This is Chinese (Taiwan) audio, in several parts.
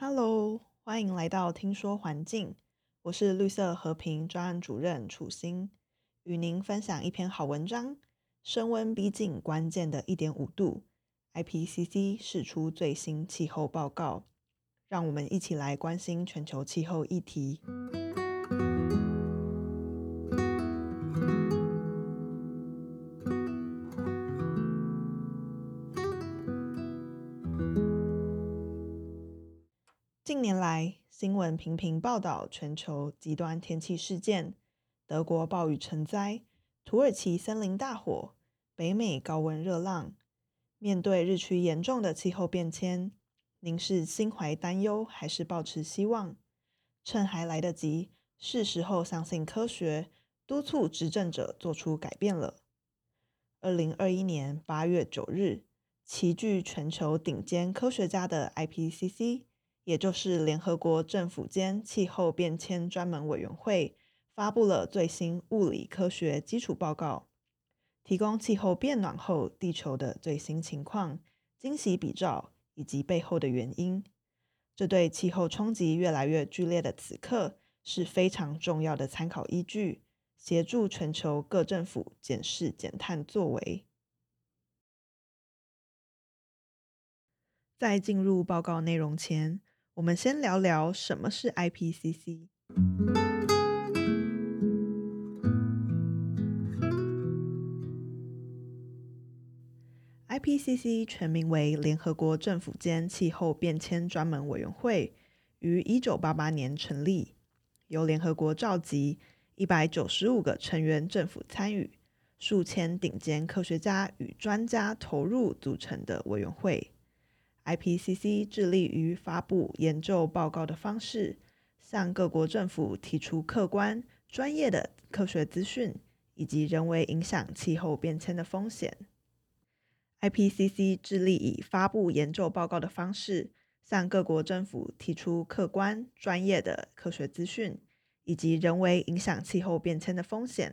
Hello，歡迎來到聽說環境。我是綠色和平專案主任楚欣，與您分享一篇好文章。升溫逼近關鍵的一點五度，IPCC 釋出最新氣候報告，讓我們一起來關心全球氣候議題。近年來，新聞頻頻報道全球極端天氣事件：德國暴雨成災，土耳其森林大火，北美高溫熱浪。面對日趨嚴重的氣候變遷，您是心懷擔憂，還是抱持希望？趁還來得及，是時候相信科學，督促執政者做出改變了。二零二一年八月九日，齊聚全球頂尖科學家的 IPCC。也就是聯合國政府間氣候變遷專門委員會發布了最新物理科學基礎報告，提供氣候變暖後地球的最新情況、驚喜比照以及背後的原因。這對氣候衝擊越來越劇烈的此刻是非常重要的參考依據，協助全球各政府檢視減碳作為。在進入報告內容前，我們先聊聊什麼是 IPCC。IPCC 全名為聯合國政府間氣候變遷專門委員會，於一九八八年成立，由聯合國召集一百九十五個成員政府參與，數千頂尖科學家與專家投入組成的委員會。IPCC 致力於發布研究報告的方式，向各國政府提出客觀、專業的科學資訊以及人為影響氣候變遷的風險。IPCC 致力以發布研究報告的方式，向各國政府提出客觀、專業的科學資訊以及人為影響氣候變遷的風險，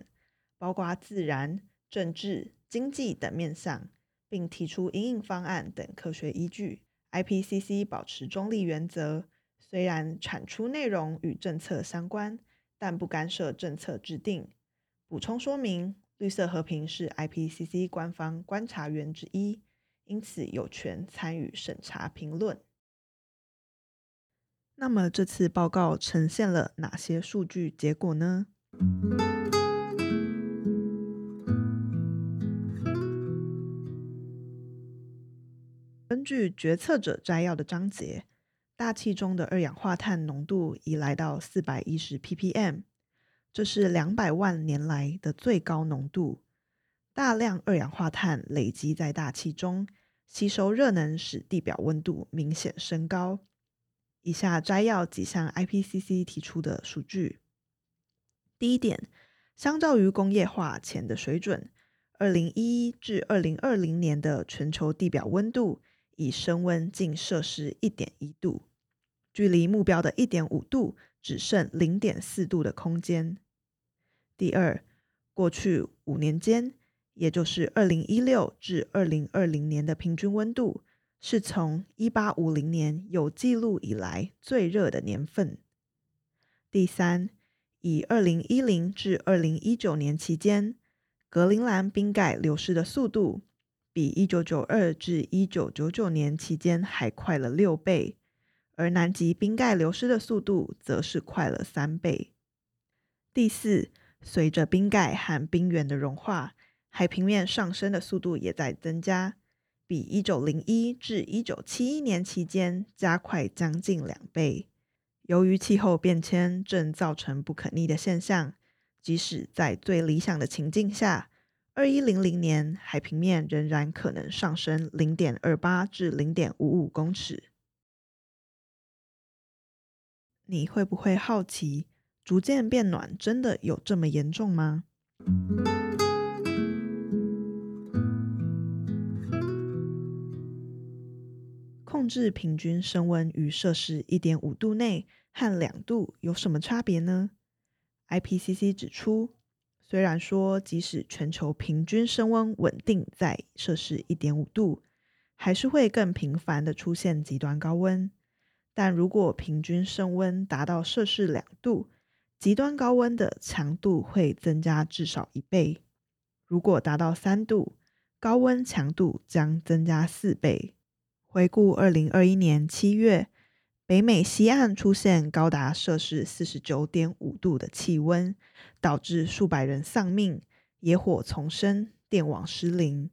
包括自然、政治、經濟等面向，並提出應用方案等科學依據。IPCC 保持中立原則，雖然產出內容與政策相關，但不干涉政策制定。補充說明：綠色和平是 IPCC 官方觀察員之一，因此有權參與審查評論。那麼，這次報告呈現了哪些數據結果呢？據決策者摘要的章節，大氣中的二氧化碳濃度已來到四百一十 ppm，這是兩百萬年來的最高濃度。大量二氧化碳累積在大氣中，吸收熱能，使地表溫度明顯升高。以下摘要幾項 IPCC 提出的數據：第一點，相較於工業化前的水準，二零一一至二零二零年的全球地表溫度，已升溫近攝氏一點一度，距離目標的一點五度只剩零點四度的空間。第二，過去五年間，也就是二零一六至二零二零年的平均溫度，是從一八五零年有記錄以來最熱的年份。第三，以二零一零至二零一九年期間，格陵蘭冰蓋流失的速度，比一九九二至一九九九年期間還快了六倍，而南極冰蓋流失的速度則是快了三倍。第四，隨着冰蓋和冰原的融化，海平面上升的速度也在增加，比一九零一至一九七一年期間加快將近兩倍。由於氣候變遷正造成不可逆的現象，即使在最理想的情境下，二一零零年海平面仍然可能上升零點二八至零點五五公尺。你會不會好奇，逐漸變暖真的有這麼嚴重嗎？控制平均升溫於攝氏一點五度內和兩度有什麼差別呢？IPCC 指出，雖然說，即使全球平均升溫穩定在攝氏一點五度，還是會更頻繁的出現極端高溫，但如果平均升溫達到攝氏兩度，極端高溫的強度會增加至少一倍；如果達到三度，高溫強度將增加四倍。回顧二零二一年七月。北美西岸出現高達攝氏四十九點五度的氣溫，導致數百人喪命，野火叢生，電網失靈。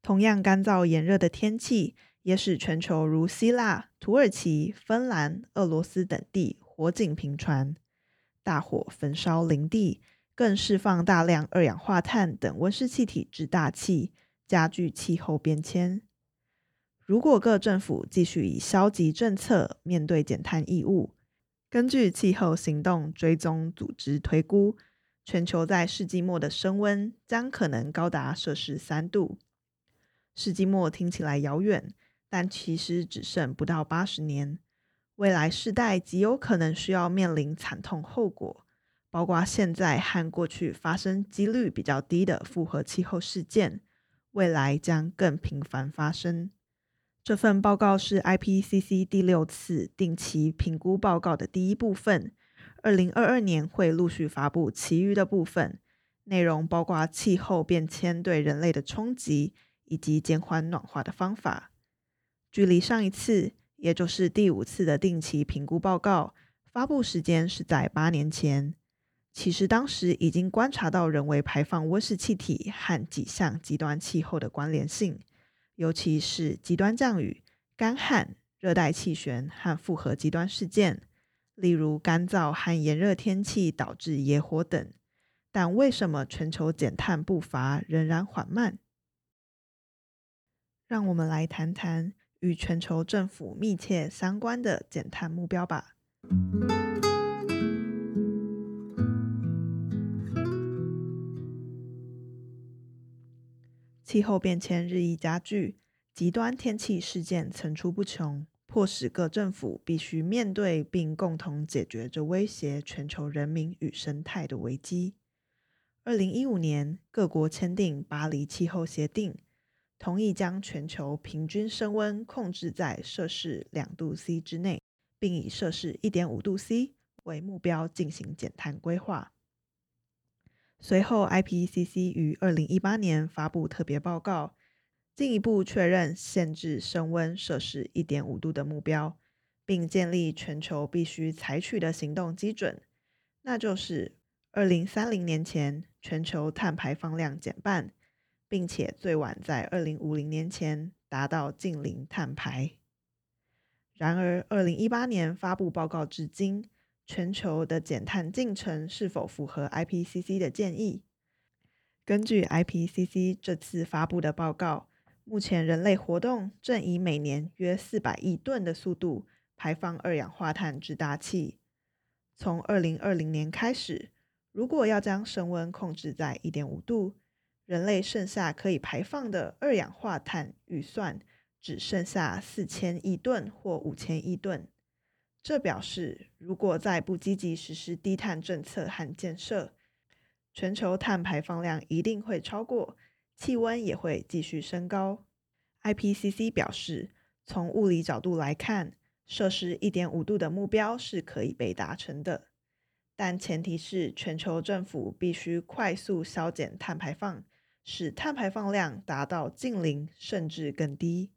同樣乾燥炎熱的天氣，也使全球如希臘、土耳其、芬蘭、俄羅斯等地火警頻傳，大火焚燒林地，更釋放大量二氧化碳等溫室氣體至大氣，加劇氣候變遷。如果各政府繼續以消極政策面對減碳義務，根據氣候行動追蹤組織推估，全球在世紀末的升溫將可能高達攝氏三度。世紀末聽起來遙遠，但其實只剩不到八十年。未來世代極有可能需要面臨慘痛後果，包括現在和過去發生幾率比較低的複合氣候事件，未來將更頻繁發生。這份報告是 IPCC 第六次定期評估報告的第一部分，二零二二年會陸續發布其餘的部分，內容包括氣候變遷對人類的衝擊以及減緩暖化的方法。距離上一次，也就是第五次的定期評估報告，發布時間是在八年前。其實當時已經觀察到人為排放溫室氣體和幾項極端氣候的關聯性。尤其是極端降雨、乾旱、熱帶氣旋和複合極端事件，例如乾燥和炎熱天氣導致野火等。但為什麼全球減碳步伐仍然緩慢？讓我們來談談與全球政府密切相關的減碳目標吧。氣候變遷日益加劇，極端天氣事件層出不窮，迫使各政府必須面對並共同解決這威脅全球人民與生態的危機。二零一五年，各國簽訂《巴黎氣候協定》，同意將全球平均升溫控制在攝氏兩度 C 之內，並以攝氏一點五度 C 為目標進行減碳規劃。隨後，IPCC 於二零一八年發布特別報告，進一步確認限制升溫攝氏一點五度的目標，並建立全球必須採取的行動基準，那就是二零三零年前全球碳排放量減半，並且最晚在二零五零年前達到近零碳排。然而，二零一八年發布報告至今，全球的減碳進程是否符合 IPCC 的建議？根據 IPCC 這次發布的報告，目前人類活動正以每年約四百億噸的速度排放二氧化碳至大氣。從二零二零年開始，如果要將升溫控制在1.5度，人類剩下可以排放的二氧化碳預算只剩下四千億噸或五千億噸。這表示，如果再不積極實施低碳政策和建設，全球碳排放量一定會超過，氣溫也會繼續升高。IPCC 表示，從物理角度來看，攝氏一點五度的目標是可以被達成的，但前提是全球政府必須快速削減碳排放，使碳排放量達到淨零甚至更低，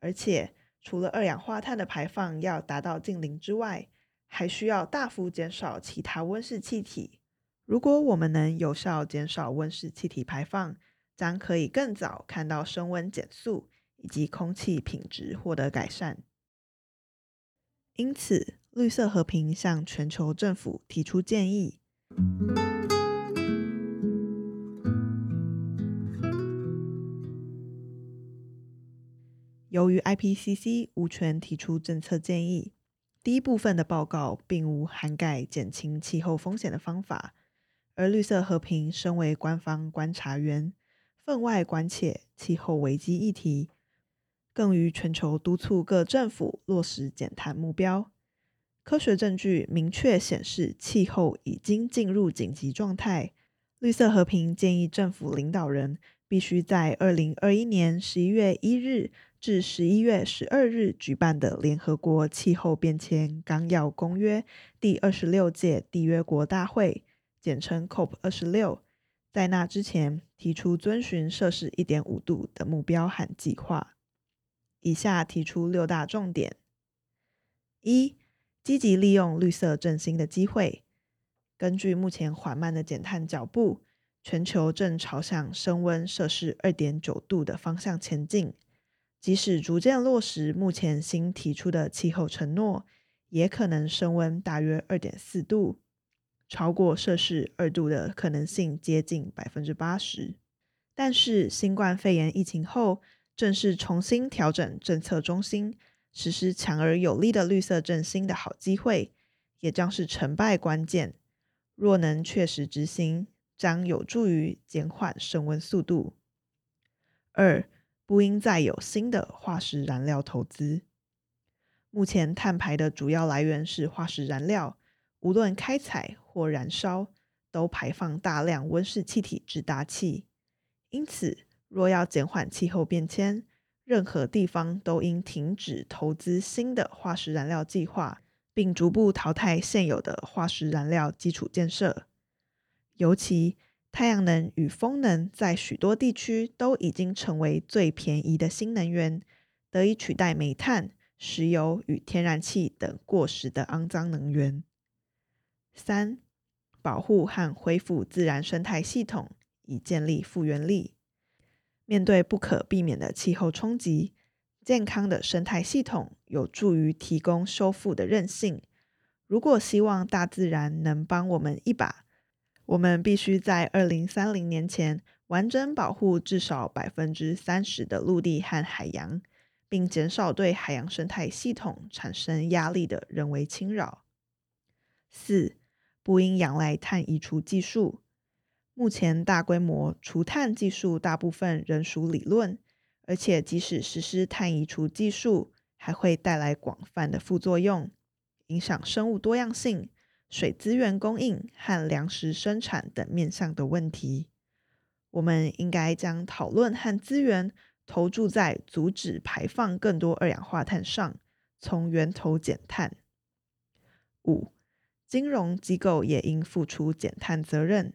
而且，除了二氧化碳的排放要達到淨零之外，還需要大幅減少其他溫室氣體。如果我們能有效減少溫室氣體排放，將可以更早看到升溫減速以及空氣品質獲得改善。因此，綠色和平向全球政府提出建議。由於 IPCC 無權提出政策建議，第一部分的報告並無涵蓋減輕氣候風險的方法。而綠色和平身為官方觀察員，分外關切氣候危機議題，更於全球督促各政府落實減碳目標。科學證據明確顯示，氣候已經進入緊急狀態。綠色和平建議政府領導人必須在二零二一年十一月一日至十一月十二日舉辦的聯合國氣候變遷綱要公約第二十六屆締約國大會（簡稱 COP26），在那之前提出遵循攝氏一點五度的目標和計劃。以下提出六大重點：一、積極利用綠色振興的機會。根據目前緩慢的減碳腳步，全球正朝向升溫攝氏二點九度的方向前進。即使逐漸落實目前新提出的氣候承諾，也可能升溫大約二點四度，超過攝氏二度的可能性接近百分之八十。但是新冠肺炎疫情後，正是重新調整政策中心、實施強而有力的綠色振興的好機會，也將是成敗關鍵。若能確實執行，將有助於減緩升溫速度。二。不應再有新的化石燃料投資。目前，碳排的主要來源是化石燃料，無論開採或燃燒，都排放大量溫室氣體至大氣。因此，若要減緩氣候變遷，任何地方都應停止投資新的化石燃料計劃，並逐步淘汰現有的化石燃料基礎建設，尤其。太陽能與風能在許多地區都已經成為最便宜的新能源，得以取代煤炭、石油與天然氣等過時的骯髒能源。三、保護和恢復自然生態系統，以建立復原力。面對不可避免的氣候衝擊，健康的生態系統有助於提供修復的韌性。如果希望大自然能幫我們一把，我們必須在二零三零年前完整保護至少百分之三十的陸地和海洋，並減少對海洋生態系統產生壓力的人為侵擾。四、不應仰賴碳移除技術。目前大規模除碳技術大部分仍屬理論，而且即使實施碳移除技術，還會帶來廣泛的副作用，影響生物多樣性。水資源供應和糧食生產等面向的問題，我們應該將討論和資源投注在阻止排放更多二氧化碳上，從源頭減碳。五、金融機構也應付出減碳責任。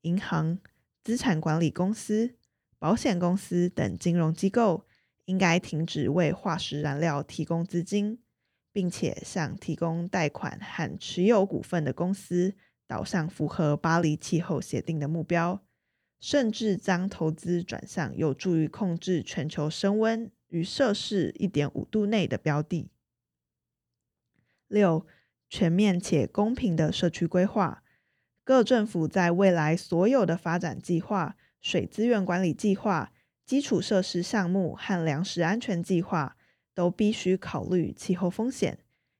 銀行、資產管理公司、保險公司等金融機構應該停止為化石燃料提供資金。並且向提供貸款和持有股份的公司導向符合巴黎氣候協定的目標，甚至將投資轉向有助於控制全球升溫與攝氏一點五度內的標的。六、全面且公平的社區規劃。各政府在未來所有的發展計劃、水資源管理計劃、基礎設施項目和糧食安全計劃。都必須考慮氣候風險，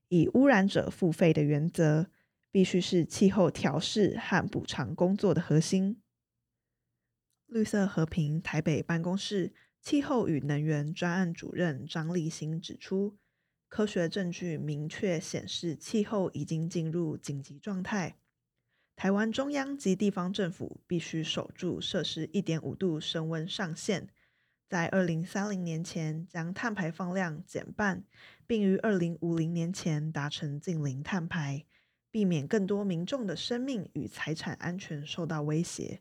以汙染者付費的原則，必須是氣候調適和補償工作的核心。綠色和平台北辦公室氣候與能源專案主任張立新指出，科學證據明確顯示氣候已經進入緊急狀態，台灣中央及地方政府必須守住攝氏1.5度升溫上限。在二零三零年前將碳排放量減半，並於二零五零年前達成淨零碳排，避免更多民眾的生命與財產安全受到威脅。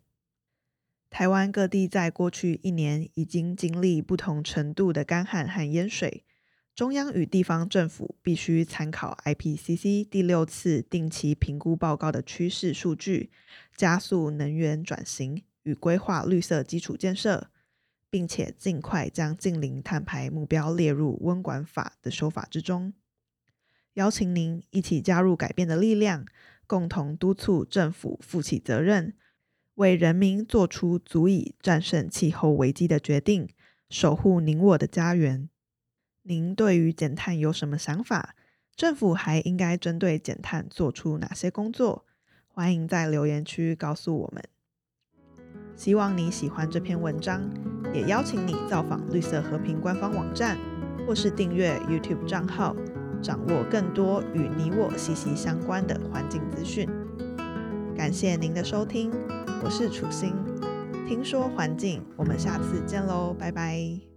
台灣各地在過去一年已經經歷不同程度的乾旱和淹水，中央與地方政府必須參考 IPCC 第六次定期評估報告的趨勢數據，加速能源轉型與規劃綠色基礎建設。並且盡快將淨零碳排目標列入溫管法的修法之中。邀請您一起加入改變的力量，共同督促政府負起責任，為人民做出足以戰勝氣候危機的決定，守護您我的家園。您對於減碳有什麼想法？政府還應該針對減碳做出哪些工作？歡迎在留言區告訴我們。希望你喜歡這篇文章，也邀請你造訪綠色和平官方網站，或是訂閱 YouTube 賬號，掌握更多與你我息息相關的環境資訊。感謝您的收聽，我是楚心，聽說環境，我們下次見嘍，拜拜。